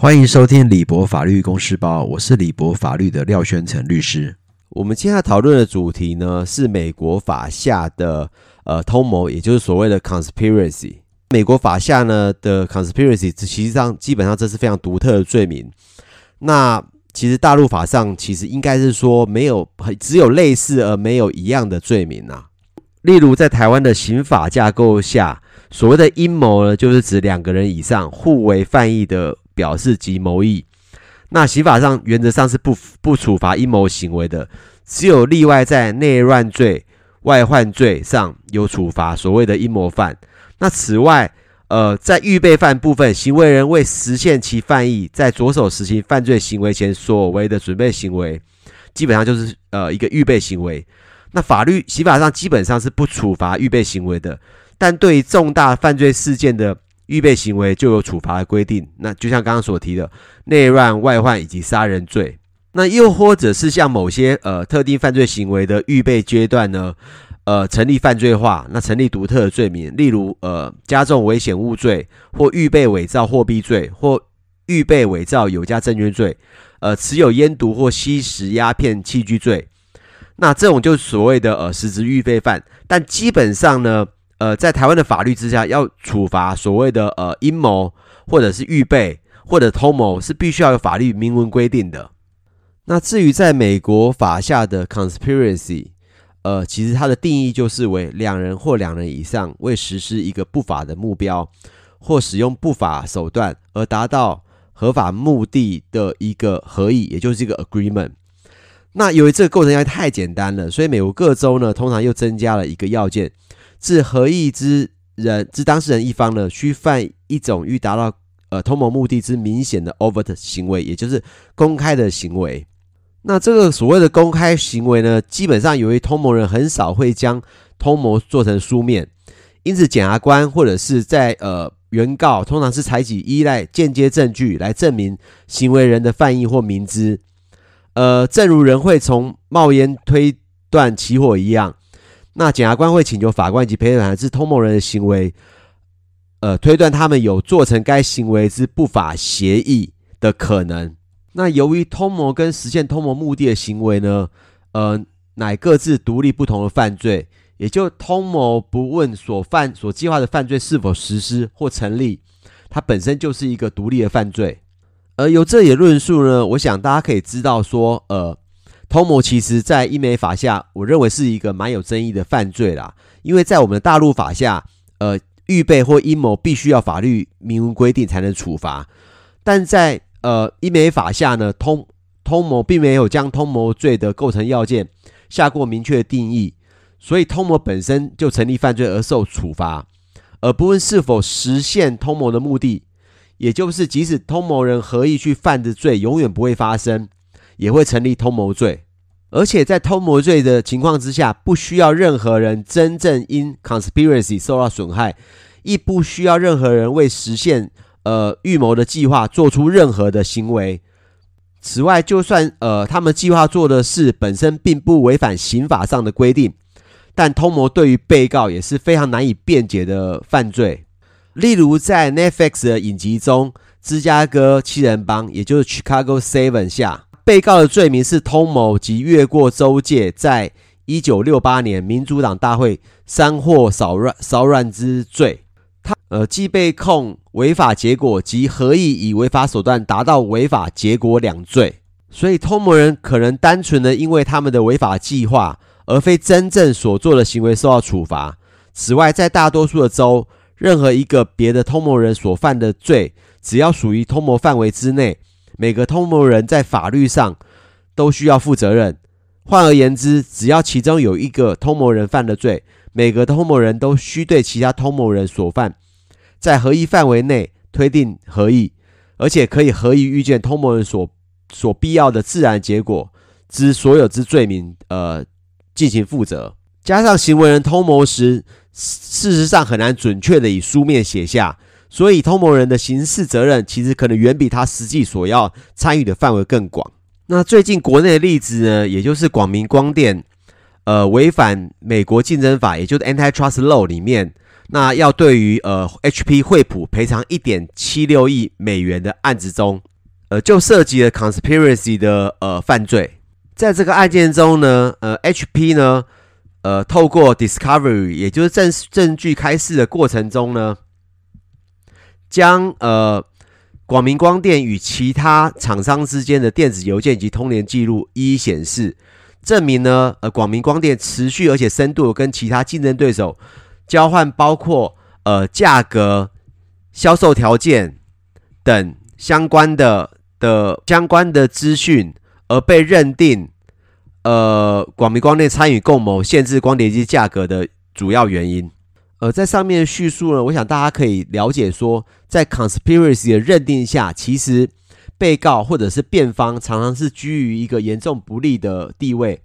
歡迎收聽李博法律公示報，我是李博法律的廖宣成律師。我們今天要討論的主題呢，是美國法下的呃通謀，也就是所謂的 conspiracy。美國法下呢的 conspiracy，這其實上基本上這是非常獨特的罪名。那其實大陸法上其實應該是說沒有，只有類似而沒有一樣的罪名吶、啊。例如在台灣的刑法架構下，所謂的陰謀呢，就是指兩個人以上互為犯意的表示及謀議，那刑法上原則上是不不處罰陰謀行為的，只有例外在內亂罪、外患罪，上有處罰所謂的陰謀犯。那此外，呃，在預備犯部分，行為人為實現其犯意，在着手實行犯罪行為前所為的準備行為，基本上就是呃一個預備行為。那法律刑法上基本上是不處罰預備行為的，但對於重大犯罪事件的。預備行為就有處罰的規定，那就像剛剛所提的內亂、外患以及殺人罪，那又或者是像某些呃特定犯罪行為的預備階段呢？呃，成立犯罪化，那成立獨特的罪名，例如呃加重危險物罪，或預備偽造貨幣罪，或預備偽造有價證券罪，呃，持有煙毒或吸食鴉片器具罪，那這種就是所謂的呃實質預備犯，但基本上呢。呃，在台灣的法律之下，要處罰所謂的呃陰謀或者是預備或者通謀，是必須要有法律明文規定的。那至於在美國法下的 conspiracy，呃，其實它的定義就是為兩人或兩人以上為實施一個不法的目標或使用不法手段而達到合法目的的一個合意，也就是一個 agreement。那由於這個構成要件太簡單了，所以美國各州呢，通常又增加了一個要件。致合意之人，之當事人一方呢，須犯一種欲達到呃通謀目的之明顯的 overt 行為，也就是公開的行為。那這個所謂的公開行為呢，基本上由於通謀人很少會將通謀做成書面，因此檢察官或者是在呃原告通常是採取依賴間接證據來證明行為人的犯意或明知。呃，正如人會從冒煙推斷起火一樣。那檢察官會請求法官以及陪審團自通謀人的行為，呃，推斷他們有做成該行為之不法協議的可能。那由於通謀跟實現通謀目的的行為呢，呃，乃各自獨立不同的犯罪，也就通謀不問所犯所計劃的犯罪是否實施或成立，它本身就是一個獨立的犯罪。而由這些論述呢，我想大家可以知道說，呃。通謀其實，在英美法下，我認為是一個蠻有爭議的犯罪啦。因為在我們的大陸法下，呃，預備或陰謀必須要法律明文規定才能處罰，但在呃英美法下呢，通通謀並沒有將通謀罪的構成要件下過明確的定義，所以通謀本身就成立犯罪而受處罰，而不論是否實現通謀的目的，也就是即使通謀人合意去犯的罪，永遠不會發生。也會成立通謀罪，而且在通謀罪的情況之下，不需要任何人真正因 conspiracy 受到損害，亦不需要任何人為實現呃預謀的計劃做出任何的行為。此外，就算呃他們計劃做的事本身並不違反刑法上的規定，但通謀對於被告也是非常難以辯解的犯罪。例如在 Netflix 的影集中，《芝加哥七人幫》，也就是 Chicago Seven 下。被告的罪名是通謀及越過州界，在一九六八年民主黨大會煽惑騷亂騷亂之罪。他呃，既被控違法結果及合意以違法手段達到違法結果兩罪。所以，通謀人可能單純的因為他們的違法計劃，而非真正所做的行為受到處罰。此外，在大多數的州，任何一個別的通謀人所犯的罪，只要屬於通謀範圍之內。每個通謀人在法律上都需要負責任。換而言之，只要其中有一個通謀人犯了罪，每個通謀人都需對其他通謀人所犯在合意範圍內推定合意，而且可以合意預見通謀人所所必要的自然結果之所有之罪名，呃，進行負責。加上行為人通謀時，事實上很難準確地以書面寫下。所以，通謀人的刑事責任其實可能遠比他實際所要參與的範圍更廣。那最近國內的例子呢，也就是廣明光電，呃，違反美國競爭法，也就是 Antitrust Law 裡面，那要對於呃 HP 惠普賠償一點七六億美元的案子中，呃，就涉及了 Conspiracy 的呃犯罪。在這個案件中呢，呃，HP 呢，呃，透過 Discovery，也就是證證據開示的過程中呢。將呃廣明光電與其他廠商之間的電子郵件以及通聯記錄一一顯示，證明呢，呃廣明光電持續而且深度跟其他競爭對手交換包括呃價格、銷售條件等相關的的相關的資訊，而被認定，呃廣明光電參與共謀限制光碟機價格的主要原因。呃，在上面的敘述呢，我想大家可以了解說，在 conspiracy 的認定下，其實被告或者是辯方常常是居於一個嚴重不利的地位。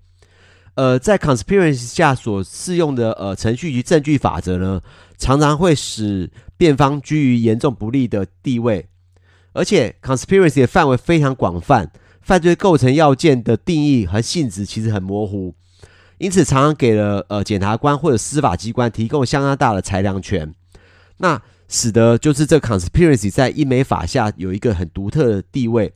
呃，在 conspiracy 下所適用的呃程序及證據法則呢，常常會使辯方居於嚴重不利的地位。而且 conspiracy 的範圍非常廣泛，犯罪構成要件的定義和性質其實很模糊。因此，常常給了呃檢察官或者司法機關提供相當大的裁量權，那使得就是這 conspiracy 在英美法下有一個很獨特的地位。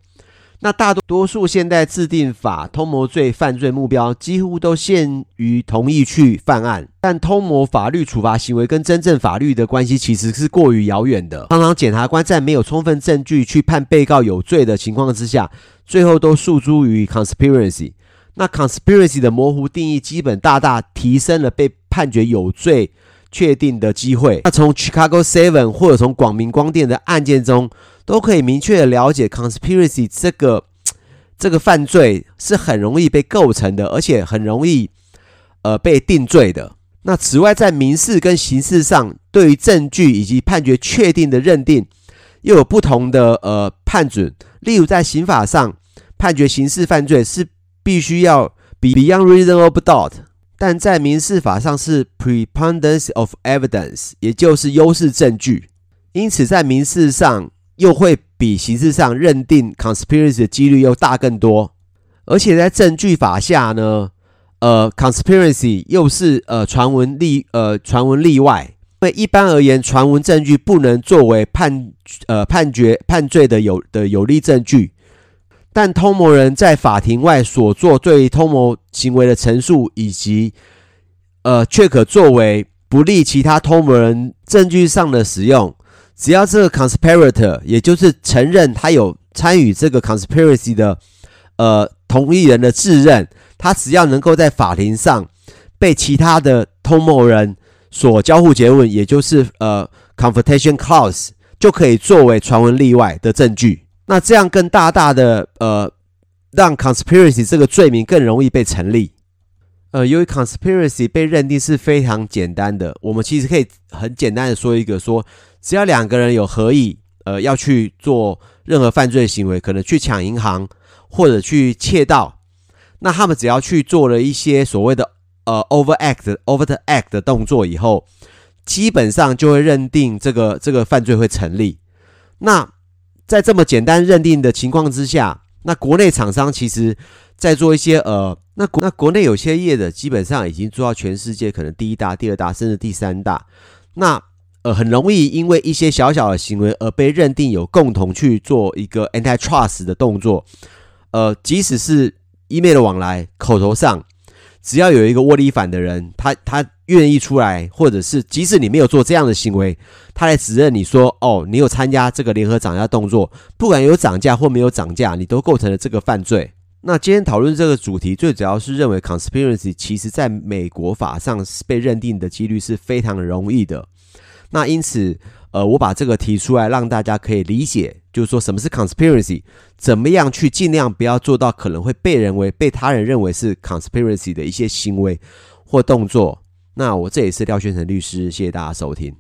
那大多數現代制定法通謀罪犯罪目標幾乎都限於同意去犯案，但通謀法律處罰行為跟真正法律的關係其實是過於遙遠的。常常檢察官在沒有充分證據去判被告有罪的情況之下，最後都訴諸於 conspiracy。那 conspiracy 的模糊定義，基本大大提升了被判決有罪確定的機會。那從 Chicago Seven 或者從廣明光電的案件中，都可以明確的了解 conspiracy 這個這個犯罪是很容易被構成的，而且很容易呃被定罪的。那此外，在民事跟刑事上，對於證據以及判決確定的認定，又有不同的呃判準。例如，在刑法上，判決刑事犯罪是必須要 be beyond reasonable doubt，但在民事法上是 preponderance of evidence，也就是優勢證據，因此在民事上又會比刑事上認定 conspiracy 的幾率又大更多。而且在證據法下呢，呃 conspiracy 又是呃傳聞例呃傳聞例外，因為一般而言，傳聞證據不能作為判呃判決判罪的有的有力證據。但通謀人在法庭外所做對於通謀行為的陳述，以及呃，卻可作為不利其他通謀人證據上的使用。只要這個 conspirator，也就是承認他有參與這個 conspiracy 的呃同一人的自認，他只要能夠在法庭上被其他的通謀人所交互結論，也就是呃 confrontation c a u s e 就可以作為傳聞例外的證據。那這樣更大大的呃，讓 conspiracy 這個罪名更容易被成立。呃，由於 conspiracy 被認定是非常簡單的，我們其實可以很簡單的說一個說，只要兩個人有合意，呃，要去做任何犯罪行為，可能去搶銀行或者去竊盜，那他們只要去做了一些所謂的呃 overact overt act 的動作以後，基本上就會認定這個這個犯罪會成立。那在這麼簡單認定的情況之下，那國內廠商其實，在做一些呃，那國那國內有些業者基本上已經做到全世界可能第一大、第二大，甚至第三大。那呃，很容易因為一些小小的行為而被認定有共同去做一個 anti trust 的動作。呃，即使是 email 的往來，口頭上。只要有一個窩裡反的人，他他願意出來，或者是即使你沒有做這樣的行為，他來指認你說：“哦，你有參加這個聯合漲價動作，不管有漲價或沒有漲價，你都構成了這個犯罪。”那今天討論這個主題，最主要是認為 conspiracy 其實在美國法上是被認定的幾率是非常的容易的。那因此，呃，我把這個提出來，讓大家可以理解。就是說，什麼是 conspiracy？怎麼樣去盡量不要做到可能會被認為、被他人認為是 conspiracy 的一些行為或動作？那我這也是廖宣成律師，謝謝大家收聽。